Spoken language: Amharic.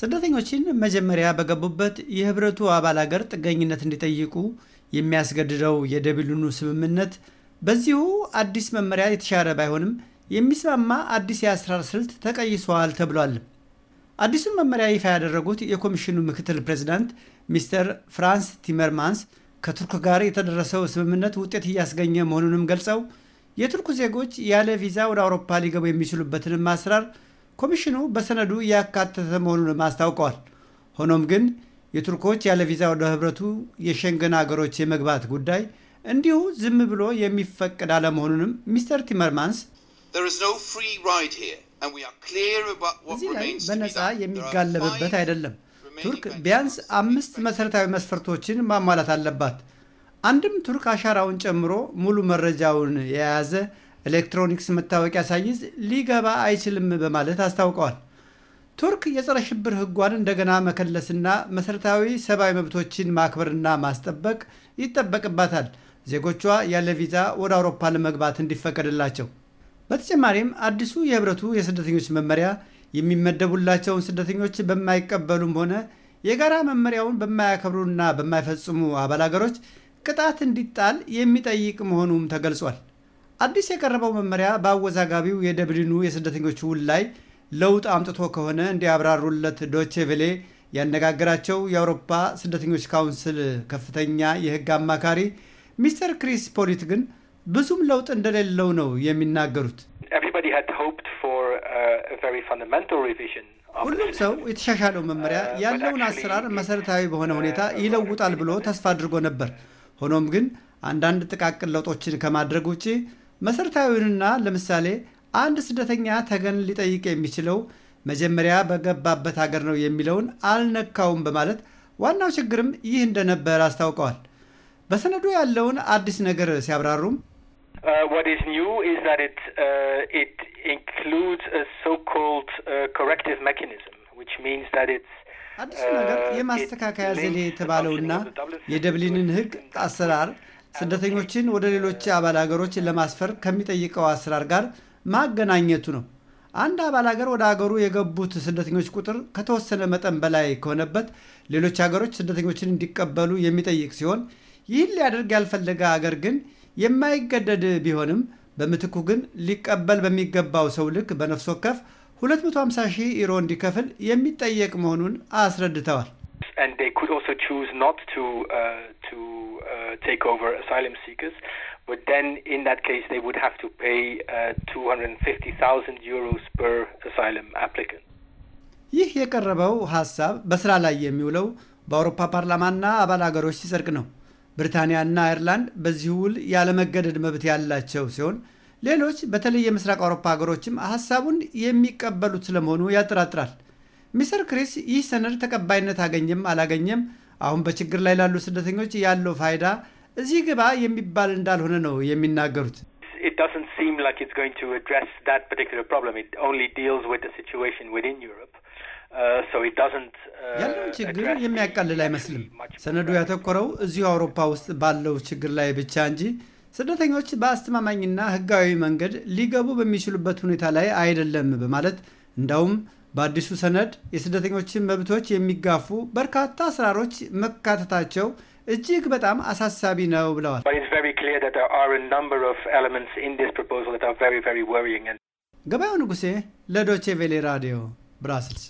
ስደተኞችን መጀመሪያ በገቡበት የህብረቱ አባል አገር ጥገኝነት እንዲጠይቁ የሚያስገድደው የደብሊኑ ስምምነት በዚሁ አዲስ መመሪያ የተሻረ ባይሆንም የሚስማማ አዲስ የአሰራር ስልት ተቀይሷል ተብሏል። አዲሱን መመሪያ ይፋ ያደረጉት የኮሚሽኑ ምክትል ፕሬዚዳንት ሚስተር ፍራንስ ቲመርማንስ ከቱርክ ጋር የተደረሰው ስምምነት ውጤት እያስገኘ መሆኑንም ገልጸው የቱርክ ዜጎች ያለ ቪዛ ወደ አውሮፓ ሊገቡ የሚችሉበትንም ማስራር ኮሚሽኑ በሰነዱ እያካተተ መሆኑንም አስታውቀዋል። ሆኖም ግን የቱርኮች ያለ ቪዛ ወደ ህብረቱ የሸንገን ሀገሮች የመግባት ጉዳይ እንዲሁ ዝም ብሎ የሚፈቅድ አለመሆኑንም ሚስተር ቲመርማንስ እዚህ ላይ በነፃ የሚጋለብበት አይደለም። ቱርክ ቢያንስ አምስት መሠረታዊ መስፈርቶችን ማሟላት አለባት። አንድም ቱርክ አሻራውን ጨምሮ ሙሉ መረጃውን የያዘ ኤሌክትሮኒክስ መታወቂያ ሳይዝ ሊገባ አይችልም በማለት አስታውቀዋል። ቱርክ የጸረ ሽብር ህጓን እንደገና መከለስና መሠረታዊ ሰብአዊ መብቶችን ማክበርና ማስጠበቅ ይጠበቅባታል፣ ዜጎቿ ያለ ቪዛ ወደ አውሮፓ ለመግባት እንዲፈቀድላቸው። በተጨማሪም አዲሱ የህብረቱ የስደተኞች መመሪያ የሚመደቡላቸውን ስደተኞች በማይቀበሉም ሆነ የጋራ መመሪያውን በማያከብሩና በማይፈጽሙ አባል አገሮች ቅጣት እንዲጣል የሚጠይቅ መሆኑም ተገልጿል። አዲስ የቀረበው መመሪያ በአወዛጋቢው የደብሊኑ የስደተኞች ውል ላይ ለውጥ አምጥቶ ከሆነ እንዲያብራሩለት ዶቼ ቬሌ ያነጋገራቸው የአውሮፓ ስደተኞች ካውንስል ከፍተኛ የሕግ አማካሪ ሚስተር ክሪስ ፖሊት ግን ብዙም ለውጥ እንደሌለው ነው የሚናገሩት። uh, ሁሉም ሰው የተሻሻለው መመሪያ uh, ያለውን አሰራር መሰረታዊ በሆነ uh, ሁኔታ ይለውጣል ብሎ ተስፋ አድርጎ ነበር። ሆኖም ግን አንዳንድ ጥቃቅን ለውጦችን ከማድረግ ውጪ መሰረታዊውንና ለምሳሌ አንድ ስደተኛ ተገን ሊጠይቅ የሚችለው መጀመሪያ በገባበት ሀገር ነው የሚለውን አልነካውም በማለት ዋናው ችግርም ይህ እንደነበር አስታውቀዋል። በሰነዱ ያለውን አዲስ ነገር ሲያብራሩም uh, uh, uh, አዲሱ ነገር የማስተካከያ ዘዴ የተባለውና የደብሊንን ሕግ አሰራር ስደተኞችን ወደ ሌሎች አባል ሀገሮች ለማስፈር ከሚጠይቀው አሰራር ጋር ማገናኘቱ ነው። አንድ አባል ሀገር ወደ ሀገሩ የገቡት ስደተኞች ቁጥር ከተወሰነ መጠን በላይ ከሆነበት ሌሎች ሀገሮች ስደተኞችን እንዲቀበሉ የሚጠይቅ ሲሆን ይህን ሊያደርግ ያልፈለገ ሀገር ግን የማይገደድ ቢሆንም በምትኩ ግን ሊቀበል በሚገባው ሰው ልክ በነፍስ ወከፍ 250 ሺህ እንዲከፍል የሚጠየቅ መሆኑን አስረድተዋል። uh, take over asylum seekers. But then, in that case, they would have to pay uh, 250,000 euros per asylum applicant. ይህ የቀረበው ሀሳብ በስራ ላይ የሚውለው በአውሮፓ ፓርላማና አባል አገሮች ሲጸድቅ ነው። ብሪታንያና አይርላንድ በዚህ ውል ያለመገደድ መብት ያላቸው ሲሆን ሌሎች በተለይ የምስራቅ አውሮፓ ሀገሮችም ሀሳቡን የሚቀበሉት ስለመሆኑ ያጠራጥራል። ሚስተር ክሪስ ይህ ሰነድ ተቀባይነት አገኘም አላገኘም አሁን በችግር ላይ ላሉ ስደተኞች ያለው ፋይዳ እዚህ ግባ የሚባል እንዳልሆነ ነው የሚናገሩት። uh, uh, ያለውን ችግር የሚያቃልል አይመስልም። ሰነዱ ያተኮረው እዚሁ አውሮፓ ውስጥ ባለው ችግር ላይ ብቻ እንጂ ስደተኞች በአስተማማኝና ሕጋዊ መንገድ ሊገቡ በሚችሉበት ሁኔታ ላይ አይደለም በማለት እንዳውም በአዲሱ ሰነድ የስደተኞችን መብቶች የሚጋፉ በርካታ አሰራሮች መካተታቸው እጅግ በጣም አሳሳቢ ነው ብለዋል። ገበያው ንጉሴ ለዶቼ ቬሌ ራዲዮ ብራስልስ